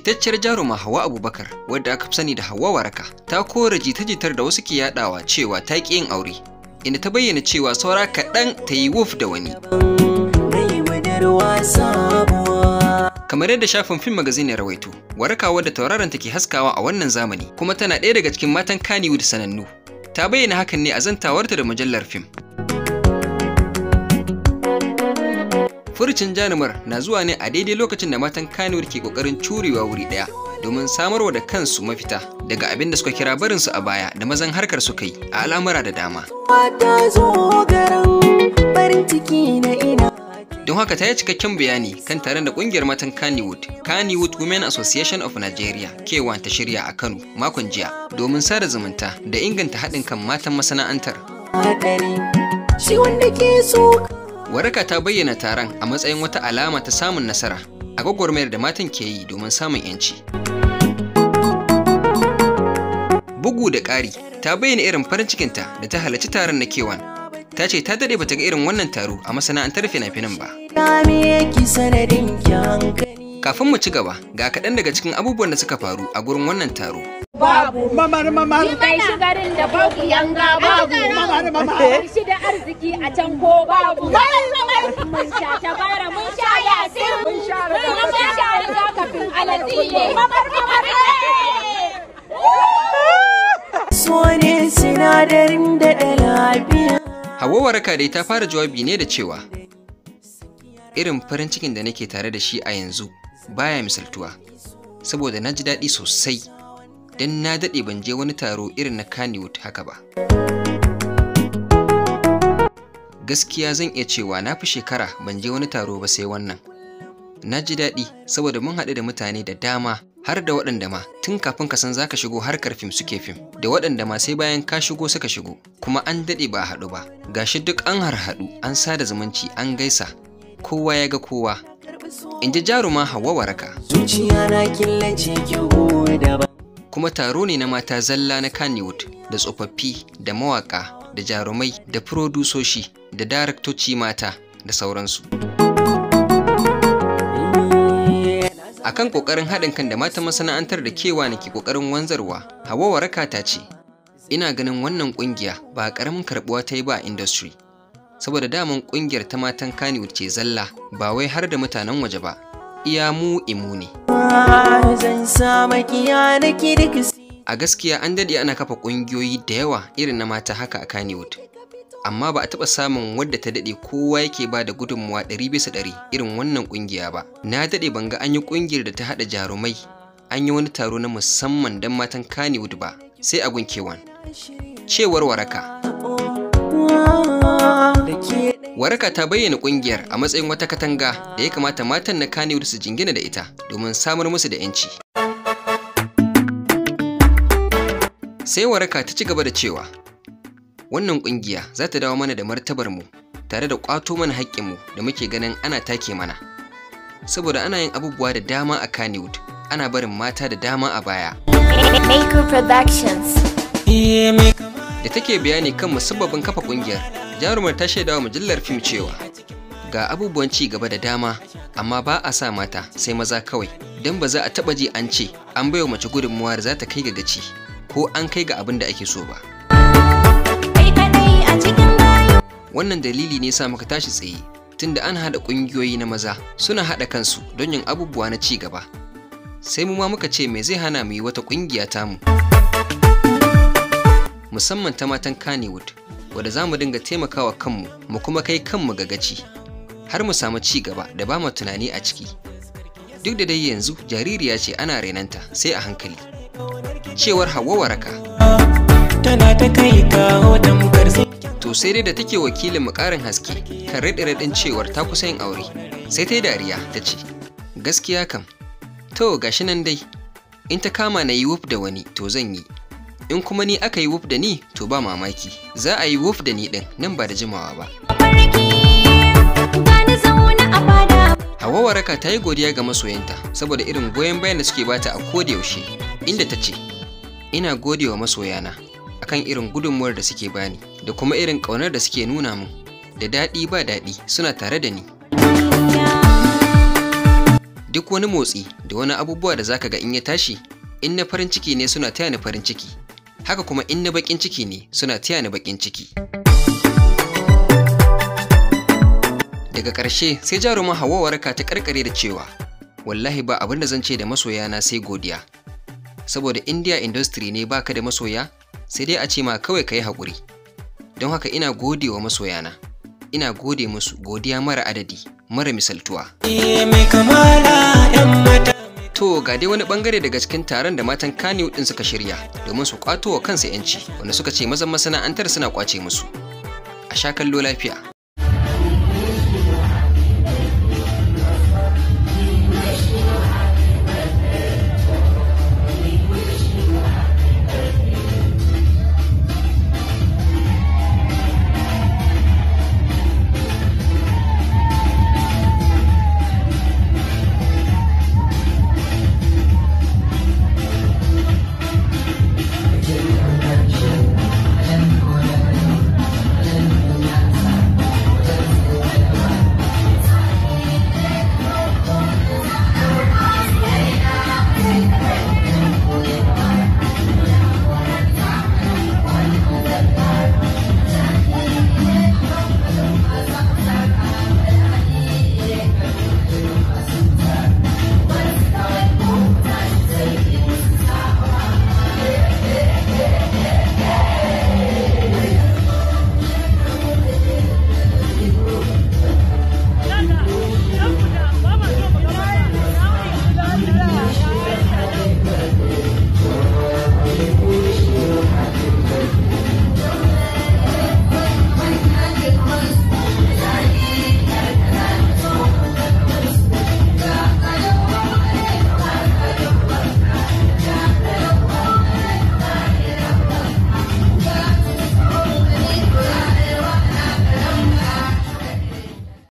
fitacciyar jaruma Hawwa Abubakar wadda aka fi sani da Hawwa Waraka ta kora jita-jitar da wasu ke yadawa cewa ta ƙi yin aure inda ta bayyana cewa saura kaɗan ta yi wuf da wani. Kamar yadda shafin fim magazin ya rawaito, Waraka wadda tauraron take haskawa a wannan zamani kuma tana ɗaya daga cikin matan Kannywood sanannu. Ta bayyana hakan ne a zantawarta da mujallar fim. Furcin janumar na zuwa ne a daidai lokacin da matan kanuwar ke kokarin curewa wuri daya domin samarwa da kansu mafita daga abin da suka kira barin su a baya da mazan harkar suka yi a al'amura da dama. Don haka ta yi cikakken bayani kan taron da kungiyar matan Kannywood, Kannywood Women Association of Nigeria, kewa ta shirya a Kano makon jiya domin sada zumunta da inganta haɗin kan matan masana'antar. Shi wanda ke so Waraka ta bayyana taron a matsayin wata alama ta samun nasara a gwagwarmayar da matan ke yi domin samun 'yanci. Bugu da ƙari ta bayyana irin farin cikinta da ta halarci taron na kewan. Ta ce ta daɗe bata ga irin wannan taro a masana'antar fina-finan ba. Kafin mu ci gaba, ga kaɗan daga cikin abubuwan da suka faru a gurin wannan taro. babu mama mamar mamar kai shigarin da babu yanga babu mama mamar mamar shi da arziki a can ko babu mun sha ta bara mun sha ya yasin mun sha mun sha kafin alazi mamar mamar mama ne sinadarin da lafiya Hawa waraka dai ta fara jawabi ne da cewa irin farin cikin da nake tare da shi a yanzu baya misaltuwa saboda na ji daɗi sosai don na daɗe ban je wani taro irin na Kannywood haka ba. Gaskiya zan iya cewa na fi shekara ban je wani taro ba sai wannan. Na ji daɗi saboda mun haɗu da mutane da dama har da waɗanda ma tun kafin ka san zaka shigo harkar fim suke fim da waɗanda ma sai bayan ka shigo suka shigo kuma an daɗe ba a haɗu ba ga shi duk an har haɗu an sada zumunci an gaisa kowa ya ga kowa in ji jaruma hawa waraka zuciya na killace ki da ba kuma taro ne na mata zalla na Kannywood da tsofaffi da mawaka da jarumai da furodusoshi da daraktoci mata da sauransu. A kan ƙoƙarin haɗin kan da mata masana'antar da kewa na ke ƙoƙarin wanzarwa, hawa waraka ta ce, ina ganin wannan ƙungiya ba ƙaramin karɓuwa ta yi ba a industry. Saboda daman ƙungiyar ta matan Kannywood ce zalla ba wai har da mutanen waje ba, iya mu imu ne. zan a gaskiya an dade ana kafa ƙungiyoyi da yawa irin na mata haka a Kannywood amma ba a taɓa samun wadda ta daɗe kowa yake ba da gudunmuwa ɗari bisa ɗari irin wannan ƙungiya ba na daɗe ban ga an yi ƙungiyar da ta haɗa jarumai an yi wani taro na musamman don matan Kannywood ba sai a gunkewan cewar waraka Waraka ta bayyana kungiyar a matsayin wata katanga da ya kamata matan na Kannywood su jingina da ita domin samar musu da 'yanci. Sai waraka ta ci gaba da cewa, wannan kungiya za ta dawo mana da martabar mu tare da ƙwato mana haƙƙinmu da muke ganin ana take mana. Saboda ana yin abubuwa da dama a Kannywood, ana barin mata da dama a baya. Da take bayani kan musabbabin kafa kungiyar jarumar ta shaida wa mujallar fim cewa ga abubuwan ci gaba da dama amma ba a sa mata sai maza kawai don ba za a taba ji an ce an baiwa mace gudunmuwa da za ta kai ga gaci ko an kai ga abin da ake so ba wannan dalili ne sa muka tashi tsaye tunda an haɗa ƙungiyoyi na maza suna haɗa kansu don yin abubuwa na ci gaba sai mu ma muka ce me zai hana mu yi wata ƙungiya tamu musamman ta matan Kannywood wadda za mu dinga taimakawa kanmu mu kuma kai kanmu ga gaci har mu samu ci gaba da ba mu tunani a ciki duk da dai yanzu jaririya ce ana renanta sai a hankali cewar hawa waraka tana to sai dai da take wakilin mu karin haske kan raɗe-raɗin cewar ta kusa yin aure sai ta yi dariya ta ce gaskiya kam to gashi nan dai in ta kama na yi wuf da wani to zan yi in kuma ni aka yi wuf da ni to ba mamaki za a yi wuf da ni ɗin nan ba da jimawa ba Hawa Waraka ta yi godiya ga masoyanta saboda irin goyon bayan da suke bata a yaushe, inda ta ce ina gode wa masoyana akan irin gudunmuwar da suke bani da kuma irin ƙaunar da suke nuna min da daɗi ba daɗi suna tare da ni duk wani motsi da wani abubuwa da zaka ga in ya tashi in na farin ciki ne suna taya ni farin ciki haka kuma in na baƙin ciki ne suna taya ni baƙin ciki daga ƙarshe sai jarumin hawa waraka ta ƙarƙare da cewa wallahi ba abin da zan ce da masoya na sai godiya saboda india industry ne baka da masoya sai dai a ce ma kawai ka yi haƙuri don haka ina gode wa masoya masoyana ina gode musu godiya mara adadi mara misaltuwa eh, To ga dai wani bangare daga cikin taron da matan Kano din suka shirya domin su kwato wa kansu yanci wanda suka ce mazan masana'antar suna kwace musu. A sha kallo lafiya.